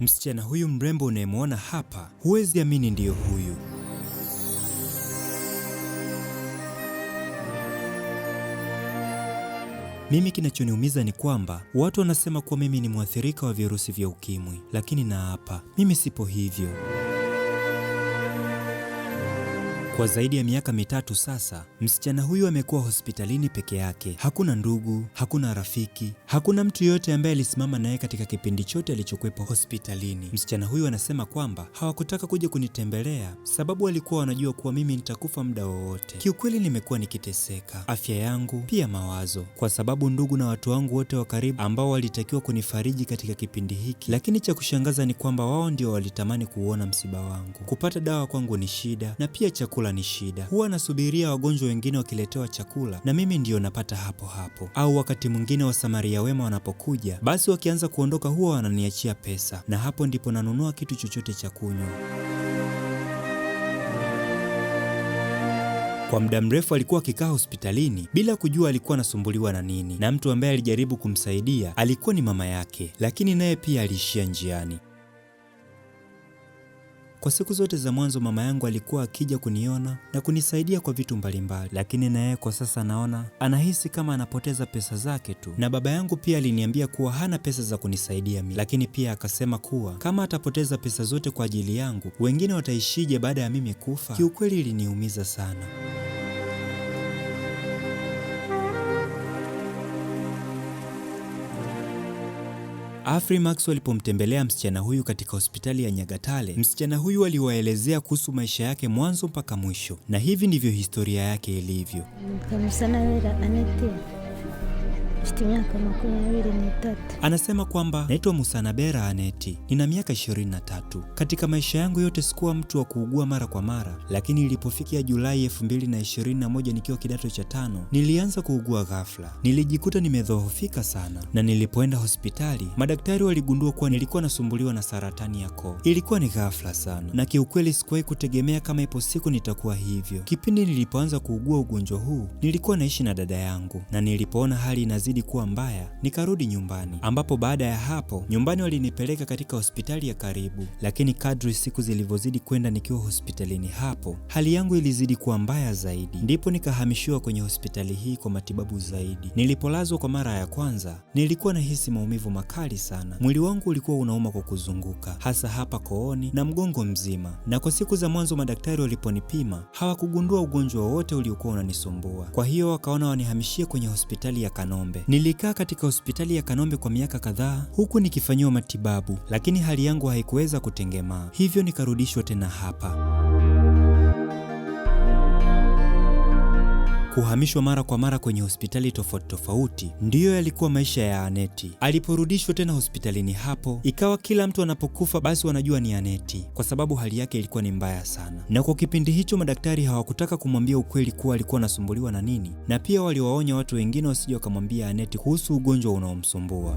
Msichana huyu mrembo unayemwona hapa, huwezi amini ndiyo huyu. Mimi kinachoniumiza ni kwamba watu wanasema kuwa mimi ni mwathirika wa virusi vya ukimwi, lakini na hapa mimi sipo hivyo. Kwa zaidi ya miaka mitatu sasa, msichana huyu amekuwa hospitalini peke yake. Hakuna ndugu, hakuna rafiki, hakuna mtu yoyote ambaye alisimama naye katika kipindi chote alichokwepo hospitalini. Msichana huyu anasema kwamba hawakutaka kuja kunitembelea sababu walikuwa wanajua kuwa mimi nitakufa muda wowote. Kiukweli nimekuwa nikiteseka, afya yangu pia mawazo, kwa sababu ndugu na watu wangu wote wa karibu ambao walitakiwa kunifariji katika kipindi hiki, lakini cha kushangaza ni kwamba wao ndio walitamani kuuona msiba wangu. Kupata dawa kwangu ni shida na pia chakula chakula ni shida. Huwa nasubiria wagonjwa wengine wakiletewa chakula na mimi ndiyo napata hapo hapo, au wakati mwingine wasamaria wema wanapokuja, basi wakianza kuondoka huwa wananiachia pesa, na hapo ndipo nanunua kitu chochote cha kunywa. Kwa muda mrefu alikuwa akikaa hospitalini bila kujua alikuwa anasumbuliwa na nini, na mtu ambaye alijaribu kumsaidia alikuwa ni mama yake, lakini naye pia aliishia njiani. Kwa siku zote za mwanzo mama yangu alikuwa akija kuniona na kunisaidia kwa vitu mbalimbali, lakini na yeye kwa sasa naona anahisi kama anapoteza pesa zake tu. Na baba yangu pia aliniambia kuwa hana pesa za kunisaidia mimi, lakini pia akasema kuwa kama atapoteza pesa zote kwa ajili yangu, wengine wataishije baada ya mimi kufa? Kiukweli iliniumiza sana. Afri Max walipomtembelea msichana huyu katika hospitali ya Nyagatale, msichana huyu aliwaelezea kuhusu maisha yake mwanzo mpaka mwisho, na hivi ndivyo historia yake ilivyo. Anasema kwamba naitwa Musanabera Aneti, nina miaka 23. Katika maisha yangu yote sikuwa mtu wa kuugua mara kwa mara, lakini ilipofikia Julai 2021 nikiwa kidato cha tano, nilianza kuugua ghafla. Nilijikuta nimedhoofika sana, na nilipoenda hospitali madaktari waligundua kuwa nilikuwa nasumbuliwa na saratani ya koo. Ilikuwa ni ghafla sana, na kiukweli sikuwahi kutegemea kama ipo siku nitakuwa hivyo. Kipindi nilipoanza kuugua ugonjwa huu, nilikuwa naishi na dada yangu, na nilipoona hali inazidi ikazidi kuwa mbaya, nikarudi nyumbani, ambapo baada ya hapo nyumbani walinipeleka katika hospitali ya karibu. Lakini kadri siku zilivyozidi kwenda nikiwa hospitalini hapo, hali yangu ilizidi kuwa mbaya zaidi, ndipo nikahamishiwa kwenye hospitali hii kwa matibabu zaidi. Nilipolazwa kwa mara ya kwanza, nilikuwa nahisi maumivu makali sana. Mwili wangu ulikuwa unauma kwa kuzunguka, hasa hapa kooni na mgongo mzima, na kwa siku za mwanzo madaktari waliponipima hawakugundua ugonjwa wowote uliokuwa unanisumbua. Kwa hiyo wakaona wanihamishie kwenye hospitali ya Kanombe Kanombe. Nilikaa katika hospitali ya Kanombe kwa miaka kadhaa huku nikifanyiwa matibabu, lakini hali yangu haikuweza kutengemaa, hivyo nikarudishwa tena hapa. kuhamishwa mara kwa mara kwenye hospitali tofauti tofauti, ndiyo yalikuwa maisha ya Aneti. Aliporudishwa tena hospitalini hapo, ikawa kila mtu anapokufa basi wanajua ni Aneti, kwa sababu hali yake ilikuwa ni mbaya sana, na kwa kipindi hicho madaktari hawakutaka kumwambia ukweli kuwa alikuwa anasumbuliwa na nini, na pia waliwaonya watu wengine wasije wakamwambia Aneti kuhusu ugonjwa unaomsumbua.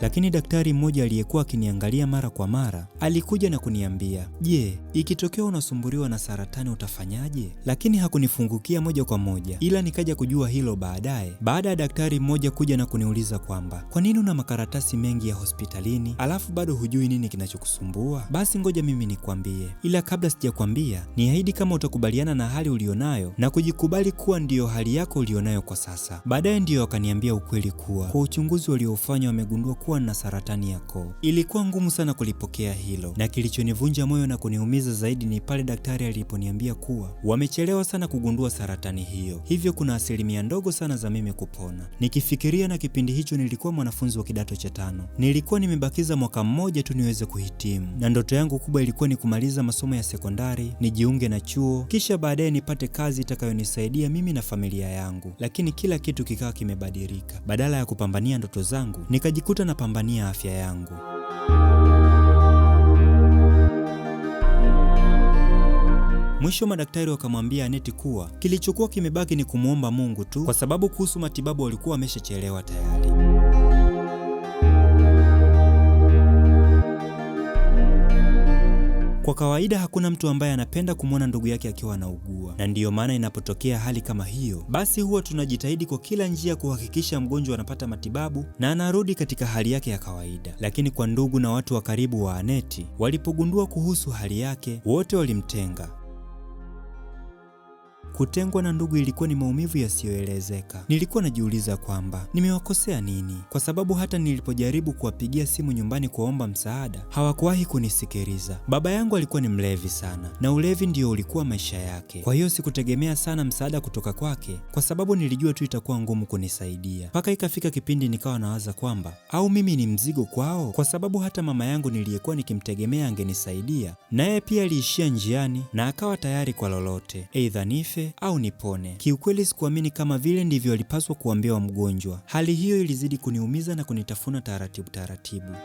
Lakini daktari mmoja aliyekuwa akiniangalia mara kwa mara alikuja na kuniambia, je, ikitokea unasumbuliwa na saratani utafanyaje? Lakini hakunifungukia moja kwa moja, ila nikaja kujua hilo baadaye, baada ya daktari mmoja kuja na kuniuliza kwamba kwa nini una makaratasi mengi ya hospitalini alafu bado hujui nini kinachokusumbua? Basi ngoja mimi nikwambie, ila kabla sijakwambia, niahidi kama utakubaliana na hali ulionayo na kujikubali kuwa ndiyo hali yako ulionayo kwa sasa. Baadaye ndiyo akaniambia ukweli kuwa kwa uchunguzi waliofanya wamegundua kuwa kuwa na saratani ya koo. Ilikuwa ngumu sana kulipokea hilo, na kilichonivunja moyo na kuniumiza zaidi ni pale daktari aliponiambia kuwa wamechelewa sana kugundua saratani hiyo, hivyo kuna asilimia ndogo sana za mimi kupona. Nikifikiria na kipindi hicho nilikuwa mwanafunzi wa kidato cha tano, nilikuwa nimebakiza mwaka mmoja tu niweze kuhitimu, na ndoto yangu kubwa ilikuwa ni kumaliza masomo ya sekondari, nijiunge na chuo, kisha baadaye nipate kazi itakayonisaidia mimi na familia yangu. Lakini kila kitu kikawa kimebadilika. Badala ya kupambania ndoto zangu, nikajikuta na napambania afya yangu. Mwisho madaktari wakamwambia Aneti kuwa kilichokuwa kimebaki ni kumwomba Mungu tu, kwa sababu kuhusu matibabu walikuwa wameshachelewa tayari. Kwa kawaida hakuna mtu ambaye anapenda kumwona ndugu yake akiwa anaugua, na ndiyo maana inapotokea hali kama hiyo, basi huwa tunajitahidi kwa kila njia kuhakikisha mgonjwa anapata matibabu na anarudi katika hali yake ya kawaida. Lakini kwa ndugu na watu wa karibu wa aneti walipogundua kuhusu hali yake, wote walimtenga Kutengwa na ndugu ilikuwa ni maumivu yasiyoelezeka. Nilikuwa najiuliza kwamba nimewakosea nini, kwa sababu hata nilipojaribu kuwapigia simu nyumbani kuwaomba msaada hawakuwahi kunisikiliza. Baba yangu alikuwa ni mlevi sana, na ulevi ndio ulikuwa maisha yake, kwa hiyo sikutegemea sana msaada kutoka kwake, kwa sababu nilijua tu itakuwa ngumu kunisaidia. Mpaka ikafika kipindi nikawa nawaza kwamba au mimi ni mzigo kwao, kwa sababu hata mama yangu niliyekuwa nikimtegemea angenisaidia, naye pia aliishia njiani na akawa tayari kwa lolote, aidha nife nife au nipone. Kiukweli sikuamini kama vile ndivyo alipaswa kuambiwa mgonjwa. Hali hiyo ilizidi kuniumiza na kunitafuna taratibu taratibu.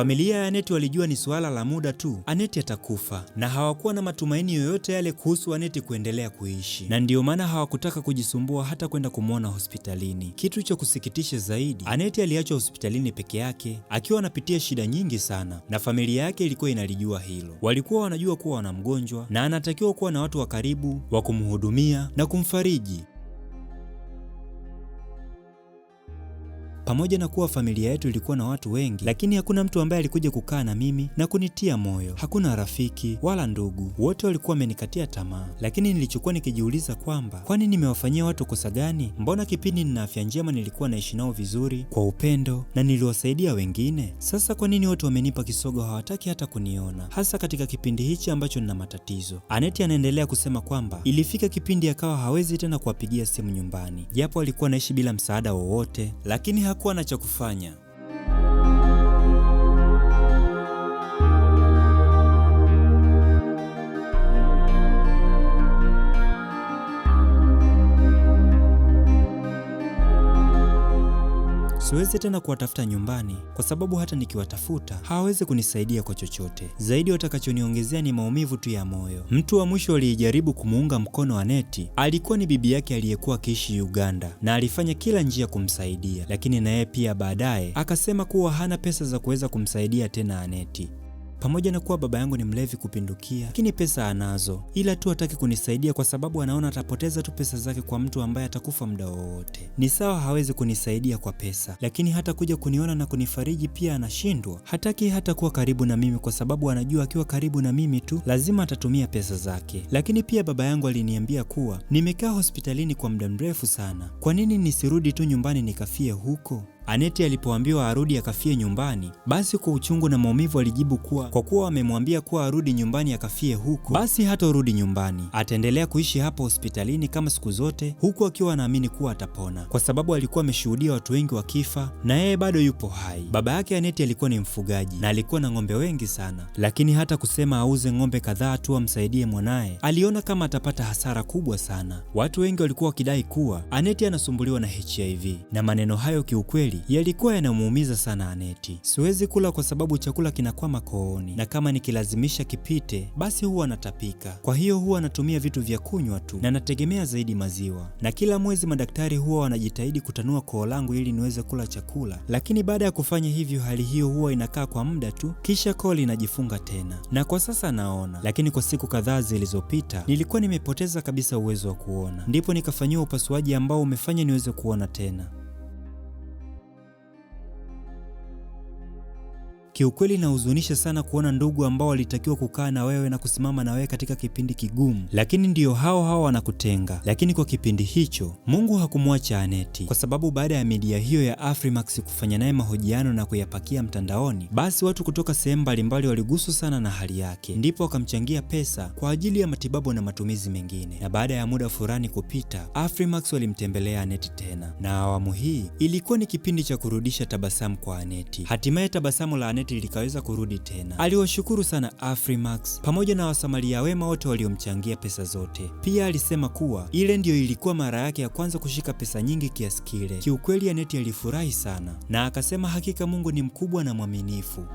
Familia ya Aneti walijua ni suala la muda tu, Aneti atakufa, na hawakuwa na matumaini yoyote yale kuhusu Aneti kuendelea kuishi, na ndiyo maana hawakutaka kujisumbua hata kwenda kumwona hospitalini. Kitu cha kusikitisha zaidi, Aneti aliachwa hospitalini peke yake akiwa anapitia shida nyingi sana, na familia yake ilikuwa inalijua hilo. Walikuwa wanajua kuwa wana mgonjwa na anatakiwa kuwa na watu wa karibu wa kumhudumia na kumfariji. Pamoja na kuwa familia yetu ilikuwa na watu wengi, lakini hakuna mtu ambaye alikuja kukaa na mimi na kunitia moyo. Hakuna rafiki wala ndugu, wote walikuwa wamenikatia tamaa. Lakini nilichokuwa nikijiuliza kwamba kwani nimewafanyia watu kosa gani? Mbona kipindi nina afya njema nilikuwa naishi nao vizuri kwa upendo na niliwasaidia wengine. Sasa kwa nini watu wamenipa kisogo, hawataki hata kuniona, hasa katika kipindi hichi ambacho nina matatizo? Aneti anaendelea kusema kwamba ilifika kipindi akawa hawezi tena kuwapigia simu nyumbani, japo alikuwa naishi bila msaada wowote, lakini hakuwa na cha kufanya. Siwezi tena kuwatafuta nyumbani kwa sababu hata nikiwatafuta hawawezi kunisaidia kwa chochote. Zaidi watakachoniongezea ni maumivu tu ya moyo. Mtu wa mwisho aliyejaribu kumuunga mkono Aneti alikuwa ni bibi yake aliyekuwa akiishi Uganda na alifanya kila njia kumsaidia, lakini naye pia baadaye akasema kuwa hana pesa za kuweza kumsaidia tena Aneti. Pamoja na kuwa baba yangu ni mlevi kupindukia, lakini pesa anazo, ila tu hataki kunisaidia kwa sababu anaona atapoteza tu pesa zake kwa mtu ambaye atakufa muda wowote. Ni sawa, hawezi kunisaidia kwa pesa, lakini hata kuja kuniona na kunifariji pia anashindwa. Hataki hata kuwa karibu na mimi kwa sababu anajua akiwa karibu na mimi tu lazima atatumia pesa zake. Lakini pia baba yangu aliniambia kuwa nimekaa hospitalini kwa muda mrefu sana, kwa nini nisirudi tu nyumbani nikafie huko? Aneti alipoambiwa arudi akafie nyumbani, basi kwa uchungu na maumivu alijibu kuwa kwa kuwa amemwambia kuwa arudi nyumbani akafie huko, basi hatorudi nyumbani, ataendelea kuishi hapo hospitalini kama siku zote, huku akiwa anaamini kuwa atapona, kwa sababu alikuwa ameshuhudia watu wengi wakifa na yeye bado yupo hai. Baba yake Aneti alikuwa ni mfugaji na alikuwa na ng'ombe wengi sana, lakini hata kusema auze ng'ombe kadhaa tu amsaidie mwanaye, aliona kama atapata hasara kubwa sana. Watu wengi walikuwa wakidai kuwa Aneti anasumbuliwa na HIV na maneno hayo kiukweli yalikuwa yanamuumiza sana Aneti. Siwezi kula kwa sababu chakula kinakwama kooni, na kama nikilazimisha kipite, basi huwa natapika Kwa hiyo huwa anatumia vitu vya kunywa tu na nategemea zaidi maziwa. Na kila mwezi madaktari huwa wanajitahidi kutanua koo langu ili niweze kula chakula, lakini baada ya kufanya hivyo, hali hiyo huwa inakaa kwa muda tu, kisha koo linajifunga tena. Na kwa sasa naona, lakini kwa siku kadhaa zilizopita nilikuwa nimepoteza kabisa uwezo wa kuona, ndipo nikafanyiwa upasuaji ambao umefanya niweze kuona tena. Kiukweli inahuzunisha sana kuona ndugu ambao walitakiwa kukaa na wewe na kusimama na wewe katika kipindi kigumu, lakini ndiyo hao hao wanakutenga. Lakini kwa kipindi hicho Mungu hakumwacha Aneti, kwa sababu baada ya midia hiyo ya Afrimax kufanya naye mahojiano na kuyapakia mtandaoni, basi watu kutoka sehemu mbalimbali waliguswa sana na hali yake, ndipo wakamchangia pesa kwa ajili ya matibabu na matumizi mengine. Na baada ya muda fulani kupita, Afrimax walimtembelea Aneti tena, na awamu hii ilikuwa ni kipindi cha kurudisha tabasamu kwa Aneti. Hatimaye tabasamu la Aneti shati likaweza kurudi tena. Aliwashukuru sana Afrimax pamoja na wasamaria wema wote waliomchangia pesa zote. Pia alisema kuwa ile ndiyo ilikuwa mara yake ya kwanza kushika pesa nyingi kiasi kile. Kiukweli, Aneti alifurahi sana na akasema hakika Mungu ni mkubwa na mwaminifu.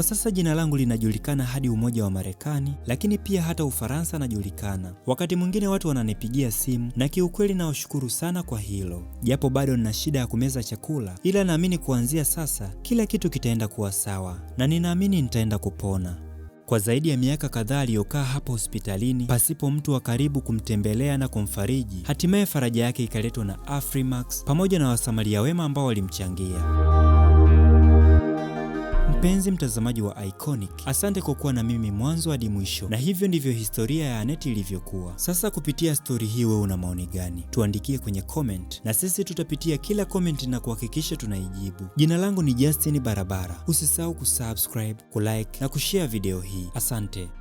Kwa sasa jina langu linajulikana hadi Umoja wa Marekani, lakini pia hata Ufaransa najulikana. Wakati mwingine watu wananipigia simu na kiukweli nawashukuru sana kwa hilo, japo bado nina shida ya kumeza chakula, ila naamini kuanzia sasa kila kitu kitaenda kuwa sawa na ninaamini nitaenda kupona. Kwa zaidi ya miaka kadhaa aliyokaa hapo hospitalini pasipo mtu wa karibu kumtembelea na kumfariji, hatimaye faraja yake ikaletwa na Afrimax pamoja na wasamaria wema ambao walimchangia. Mpenzi mtazamaji wa Iconic, asante kwa kuwa na mimi mwanzo hadi mwisho, na hivyo ndivyo historia ya Aneti ilivyokuwa. Sasa kupitia stori hii, wewe una maoni gani? Tuandikie kwenye comment, na sisi tutapitia kila comment na kuhakikisha tunaijibu. Jina langu ni Justin Barabara. Usisahau kusubscribe, kulike na kushare video hii. Asante.